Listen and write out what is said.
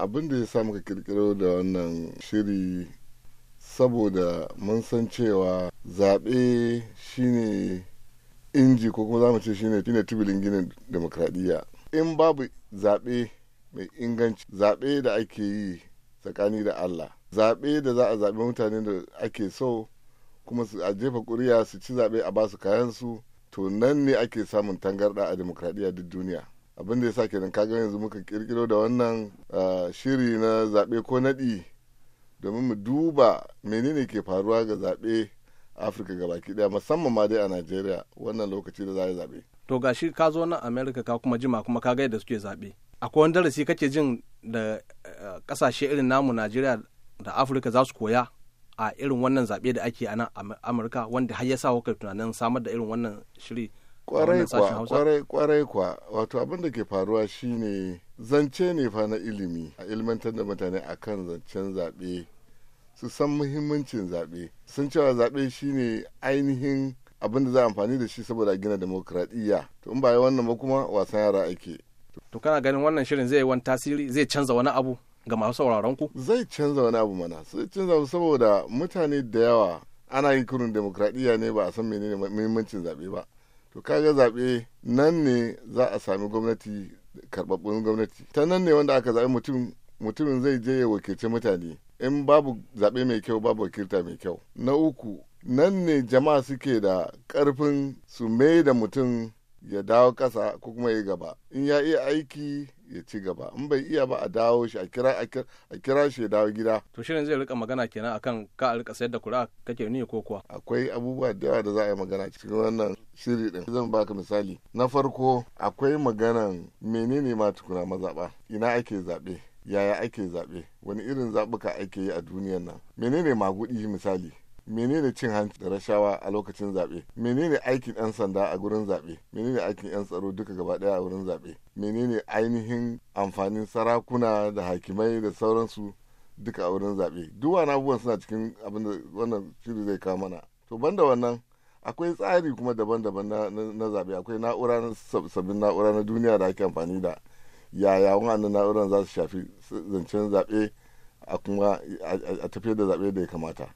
abin da ya sa muka kirkiro da wannan shiri saboda mun san cewa zaɓe shine inji ko kuma zamu ce shine ne tubilin ginin demokradiyya in babu zaɓe mai inganci zaɓe da ake yi tsakani da Allah zaɓe da za a zaɓe mutane da ake so kuma su a jefa ƙuri'a su ci zaɓe a basu kayan su to nan ne ake samun tangarɗa a demokradiyya duk duniya abin da ya sa kenan kaga yanzu muka kirkiro da wannan ah, shiri na zaɓe ko naɗi domin mu duba menene ke faruwa ga zaɓe afirka gabaki daya musamman ma dai a najeriya wannan lokaci da za a zaɓe to ga shi ka zo nan america ka kuma jima kuma ka ga yadda suke zaɓe akwai wani darasi kake jin da ah, ƙasashe irin namu najeriya da afirka za su koya a irin wannan zaɓe da ake a nan amurka wanda har ya sa kuka tunanin samar da irin wannan shiri kwarai kwa kwarai kwa wato abin da ke faruwa shine zance ne fa na ilimi a ilmantar da mutane akan zancen zaɓe su san muhimmancin zaɓe sun cewa zaɓe shine ainihin abin da za a amfani da shi saboda gina demokradiyya to in ba wannan ba kuma wasan yara ake to kana ganin wannan shirin zai wani tasiri zai canza wani abu ga masu sauraron ku zai canza wani abu mana zai canza saboda mutane da yawa ana yin kurun demokradiyya ne ba a san menene muhimmancin zaɓe ba to kaga zaɓe nan ne za a sami gwamnati karɓaɓɓun gwamnati ta nan ne wanda aka zaɓi mutumin zai je ya wakilci mutane in babu zaɓe mai kyau babu wakilta mai kyau na uku nan ne jama'a suke da ƙarfin su mai da mutum ya dawo ƙasa ko kuma ya gaba in ya iya aiki ya ci gaba in bai iya ba a dawo shi a kira shi ya dawo gida to shirin zai rika magana kenan akan ka a rika sayar da kura kake ni ko kuwa akwai abubuwa da yawa da za a yi magana cikin wannan shiri din zan baka misali na farko akwai maganan menene ma tukuna mazaba ina ake zabe yaya ake zabe wani irin zabuka ake yi a duniyar nan menene magudi misali menene cin hanci da rashawa a lokacin zaɓe menene aikin 'yan sanda a gurin zaɓe menene aikin 'yan tsaro duka gaba ɗaya a wurin zaɓe menene ainihin amfanin sarakuna da hakimai da sauransu duka a wurin zaɓe duk wani abubuwan suna cikin abin da wannan shiri zai kawo mana to ban da wannan akwai tsari kuma daban-daban na zaɓe akwai na'ura na sabbin na'ura na duniya da ake amfani da yaya wannan na'uran za su shafi zancen zaɓe a kuma a tafiyar da zaɓe da ya kamata